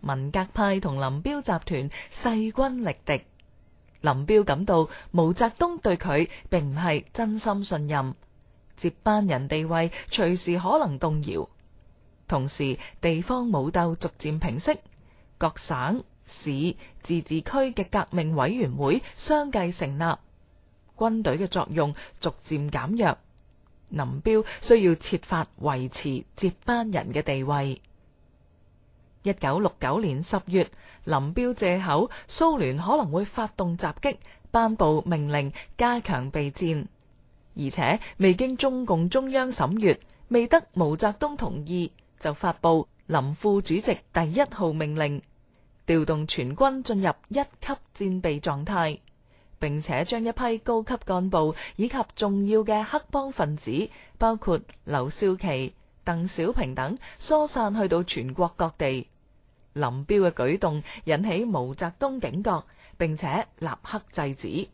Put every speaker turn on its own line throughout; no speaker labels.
文革派同林彪集團勢均力敵，林彪感到毛澤東對佢並唔係真心信任，接班人地位隨時可能動搖。同時，地方武鬥逐漸平息，各省市自治區嘅革命委員會相繼成立，軍隊嘅作用逐漸減弱，林彪需要設法維持接班人嘅地位。一九六九年十月，林彪借口蘇聯可能會發動襲擊，頒布命令加強備戰，而且未經中共中央審閱，未得毛澤東同意，就發布林副主席第一號命令，調動全軍進入一級戰備狀態，並且將一批高級幹部以及重要嘅黑幫分子，包括劉少奇。鄧小平等疏散去到全國各地，林彪嘅舉動引起毛澤東警覺，並且立刻制止。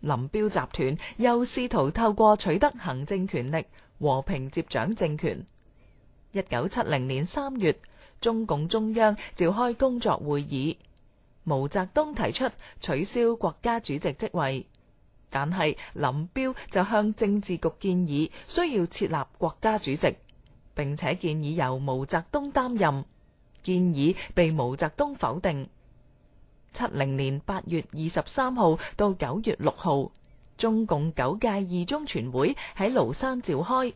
林彪集團又試圖透過取得行政權力，和平接掌政權。一九七零年三月，中共中央召開工作會議，毛澤東提出取消國家主席職位，但係林彪就向政治局建議，需要設立國家主席。並且建議由毛澤東擔任，建議被毛澤東否定。七零年八月二十三號到九月六號，中共九屆二中全會喺廬山召開，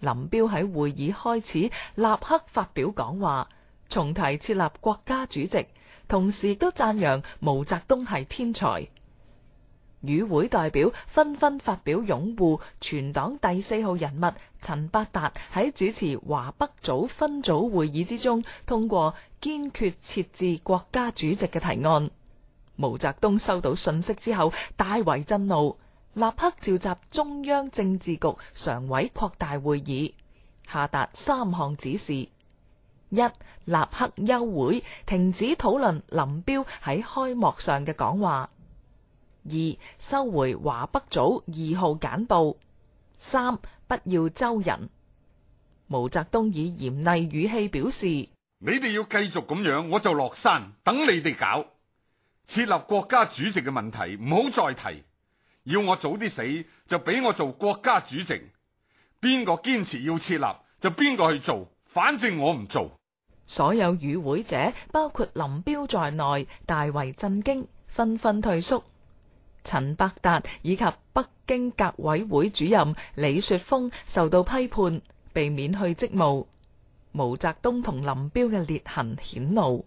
林彪喺會議開始立刻發表講話，重提設立國家主席，同時都讚揚毛澤東係天才。與會代表紛紛發表擁護，全黨第四號人物陳伯達喺主持華北組分組會議之中通過堅決設置國家主席嘅提案。毛澤東收到信息之後大為震怒，立刻召集中央政治局常委擴大會議，下達三項指示：一、立刻休會，停止討論林彪喺開幕上嘅講話。二、收回華北組二號簡報，三、不要周人。毛澤東以嚴厲語氣表示：
你哋要繼續咁樣，我就落山，等你哋搞。設立國家主席嘅問題，唔好再提。要我早啲死就俾我做國家主席，邊個堅持要設立就邊個去做，反正我唔做。
所有與會者，包括林彪在內，大為震驚，紛紛退縮。陳伯達以及北京革委會主任李雪峰受到批判，被免去職務。毛澤東同林彪嘅裂痕顯露。